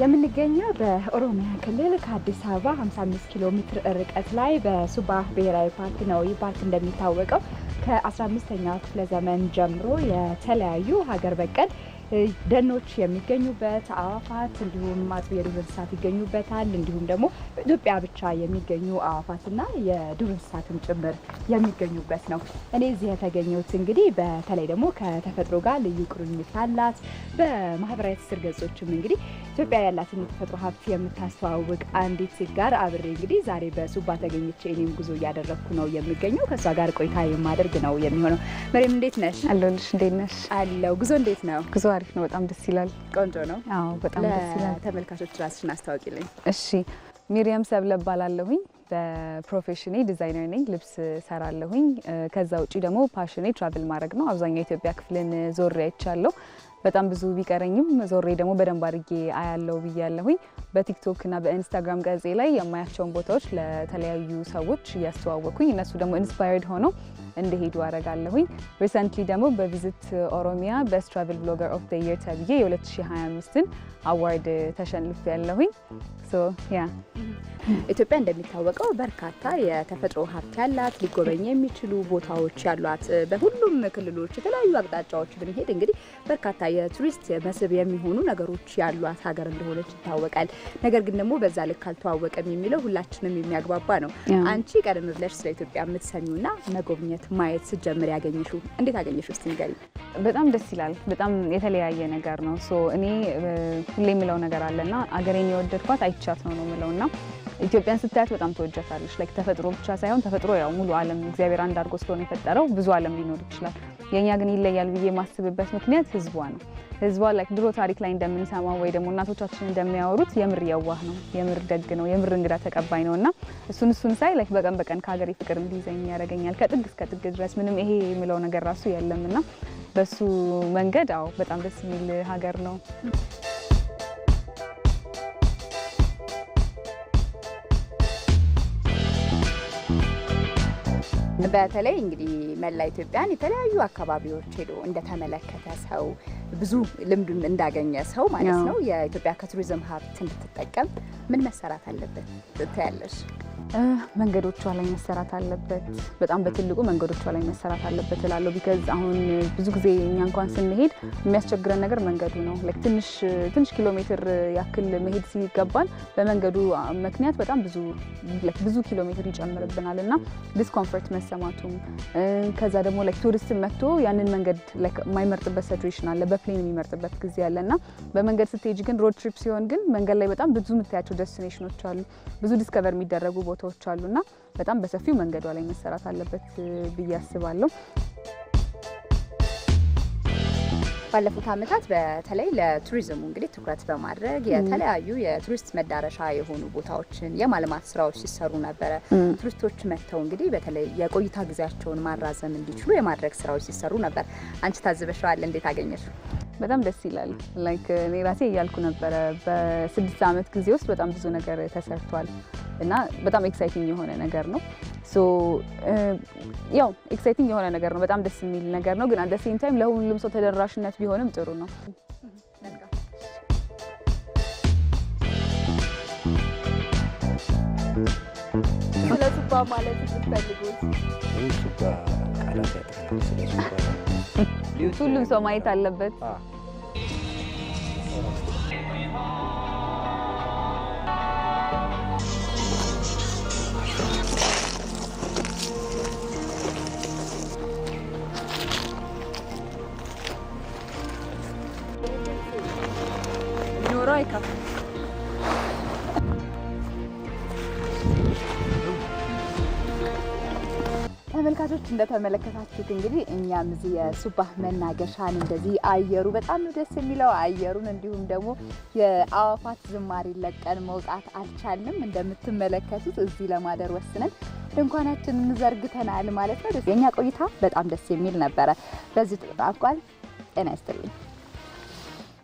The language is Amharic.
የምንገኘው በኦሮሚያ ክልል ከአዲስ አበባ 55 ኪሎ ሜትር ርቀት ላይ በሱባ ብሔራዊ ፓርክ ነው። ይህ ፓርክ እንደሚታወቀው ከ15ኛው ክፍለ ዘመን ጀምሮ የተለያዩ ሀገር በቀል ደኖች የሚገኙበት አዋፋት እንዲሁም አጥቢ የዱር እንስሳት ይገኙበታል። እንዲሁም ደግሞ ኢትዮጵያ ብቻ የሚገኙ አዕዋፋትና የዱር እንስሳትም ጭምር የሚገኙበት ነው። እኔ እዚህ የተገኘሁት እንግዲህ በተለይ ደግሞ ከተፈጥሮ ጋር ልዩ ቁርኝት አላት በማህበራዊ ትስስር ገጾችም እንግዲህ ኢትዮጵያ ያላትን የተፈጥሮ ሀብት የምታስተዋውቅ አንዲት ሴት ጋር አብሬ እንግዲህ ዛሬ በሱባ ተገኝቼ እኔም ጉዞ እያደረግኩ ነው የሚገኘው። ከእሷ ጋር ቆይታ የማደርግ ነው የሚሆነው። መሬም እንዴት ነሽ? አለሁልሽ። እንዴት ነሽ? አለው። ጉዞ እንዴት ነው? ጉዞ አሪፍ ነው። በጣም ደስ ይላል። ቆንጆ ነው። አዎ በጣም ደስ ይላል። ተመልካቾች ራስሽን አስታውቂልኝ። እሺ ሚሪያም ሰብለ እባላለሁኝ። በፕሮፌሽኔ ዲዛይነር ነኝ፣ ልብስ ሰራለሁኝ። ከዛ ውጪ ደግሞ ፓሽኔ ትራቭል ማድረግ ነው። አብዛኛው ኢትዮጵያ ክፍልን ዞር አይቻለሁ። በጣም ብዙ ቢቀረኝም ዞሬ ደግሞ በደንብ አድርጌ አያለው ብያለሁኝ። በቲክቶክ እና በኢንስታግራም ገጼ ላይ የማያቸውን ቦታዎች ለተለያዩ ሰዎች እያስተዋወቅኩኝ እነሱ ደግሞ ኢንስፓየርድ ሆነው እንዲሄዱ አደርጋለሁኝ። ሪሰንትሊ ደግሞ በቪዝት ኦሮሚያ ቤስት ትራቨል ብሎገር ኦፍ ዘ የር ተብዬ የ2025ን አዋርድ ተሸንፍ ያለሁኝ። ኢትዮጵያ እንደሚታወቀው በርካታ የተፈጥሮ ሀብት ያላት ሊጎበኝ የሚችሉ ቦታዎች ያሏት በሁሉም ክልሎች የተለያዩ አቅጣጫዎች ብንሄድ እንግዲህ በርካታ የቱሪስት መስህብ የሚሆኑ ነገሮች ያሏት ሀገር እንደሆነች ይታወቃል። ነገር ግን ደግሞ በዛ ልክ አልተዋወቀም የሚለው ሁላችንም የሚያግባባ ነው። አንቺ ቀደም ብለሽ ስለ ኢትዮጵያ የምትሰሚውና መጎብኘት ማየት ስትጀምር ያገኘሽው እንዴት አገኘሽ ውስጥ ንገሪ። በጣም ደስ ይላል። በጣም የተለያየ ነገር ነው። ሶ እኔ ሁሌ የምለው ነገር አለና አገሬን የወደድኳት አይቻት ነው ነው የምለውና ኢትዮጵያን ስታያት በጣም ተወጃታለች። ላይክ ተፈጥሮ ብቻ ሳይሆን ተፈጥሮ ያው ሙሉ ዓለም እግዚአብሔር አንድ አድርጎ ስለሆነ የፈጠረው ብዙ ዓለም ሊኖር ይችላል። የእኛ ግን ይለያል ብዬ የማስብበት ምክንያት ህዝቧ ነው። ህዝቧ ላይ ድሮ ታሪክ ላይ እንደምንሰማው ወይ ደግሞ እናቶቻችን እንደሚያወሩት የምር የዋህ ነው፣ የምር ደግ ነው፣ የምር እንግዳ ተቀባይ ነው እና እሱን እሱን ሳይ ላይ በቀን በቀን ከሀገሬ ፍቅር እንዲይዘኝ ያደርገኛል። ከጥግ እስከ ጥግ ድረስ ምንም ይሄ የምለው ነገር ራሱ እና በሱ መንገድ አዎ በጣም ደስ የሚል ሀገር ነው። በተለይ እንግዲህ መላ ኢትዮጵያን የተለያዩ አካባቢዎች ሄዶ እንደተመለከተ ሰው ብዙ ልምድ እንዳገኘ ሰው ማለት ነው የኢትዮጵያ ከቱሪዝም ሀብት እንድትጠቀም ምን መሰራት አለበት ትያለሽ? መንገዶቿ ላይ መሰራት አለበት። በጣም በትልቁ መንገዶቿ ላይ መሰራት አለበት እላለሁ። ቢከዝ አሁን ብዙ ጊዜ እኛ እንኳን ስንሄድ የሚያስቸግረን ነገር መንገዱ ነው። ትንሽ ኪሎ ሜትር ያክል መሄድ ሲገባን በመንገዱ ምክንያት በጣም ብዙ ኪሎ ሜትር ይጨምርብናል እና ዲስኮንፈርት መሰማቱም ከዛ ደግሞ ቱሪስት መጥቶ ያንን መንገድ የማይመርጥበት ሰትሬሽን አለ፣ በፕሌን የሚመርጥበት ጊዜ አለ እና በመንገድ ስትሄጅ ግን ሮድ ትሪፕ ሲሆን ግን መንገድ ላይ በጣም ብዙ የምታያቸው ደስቲኔሽኖች አሉ ብዙ ዲስከቨር የሚደረጉ ቦታዎች አሉና በጣም በሰፊው መንገዷ ላይ መሰራት አለበት ብዬ አስባለሁ። ባለፉት ዓመታት በተለይ ለቱሪዝሙ እንግዲህ ትኩረት በማድረግ የተለያዩ የቱሪስት መዳረሻ የሆኑ ቦታዎችን የማልማት ስራዎች ሲሰሩ ነበረ። ቱሪስቶች መጥተው እንግዲህ በተለይ የቆይታ ጊዜያቸውን ማራዘም እንዲችሉ የማድረግ ስራዎች ሲሰሩ ነበር። አንቺ ታዝበሽዋል፣ እንዴት አገኘሽ? በጣም ደስ ይላል። ላይክ እኔ ራሴ እያልኩ ነበረ በስድስት ዓመት ጊዜ ውስጥ በጣም ብዙ ነገር ተሰርቷል። እና በጣም ኤክሳይቲንግ የሆነ ነገር ነው። ያው ኤክሳይቲንግ የሆነ ነገር ነው። በጣም ደስ የሚል ነገር ነው። ግን አት ሴም ታይም ለሁሉም ሰው ተደራሽነት ቢሆንም ጥሩ ነው። ማለት ሁሉም ሰው ማየት አለበት። Пока. ተመልካቾች እንደተመለከታችሁት እንግዲህ እኛም እዚህ የሱባህ መናገሻን እንደዚህ አየሩ በጣም ደስ የሚለው አየሩን እንዲሁም ደግሞ የአዋፋት ዝማሪ ለቀን መውጣት አልቻልንም። እንደምትመለከቱት እዚህ ለማደር ወስነን ድንኳናችንን ዘርግተናል ማለት ነው። የእኛ ቆይታ በጣም ደስ የሚል ነበረ። በዚህ ጥሩ አቋል ጤና ይስጥልኝ።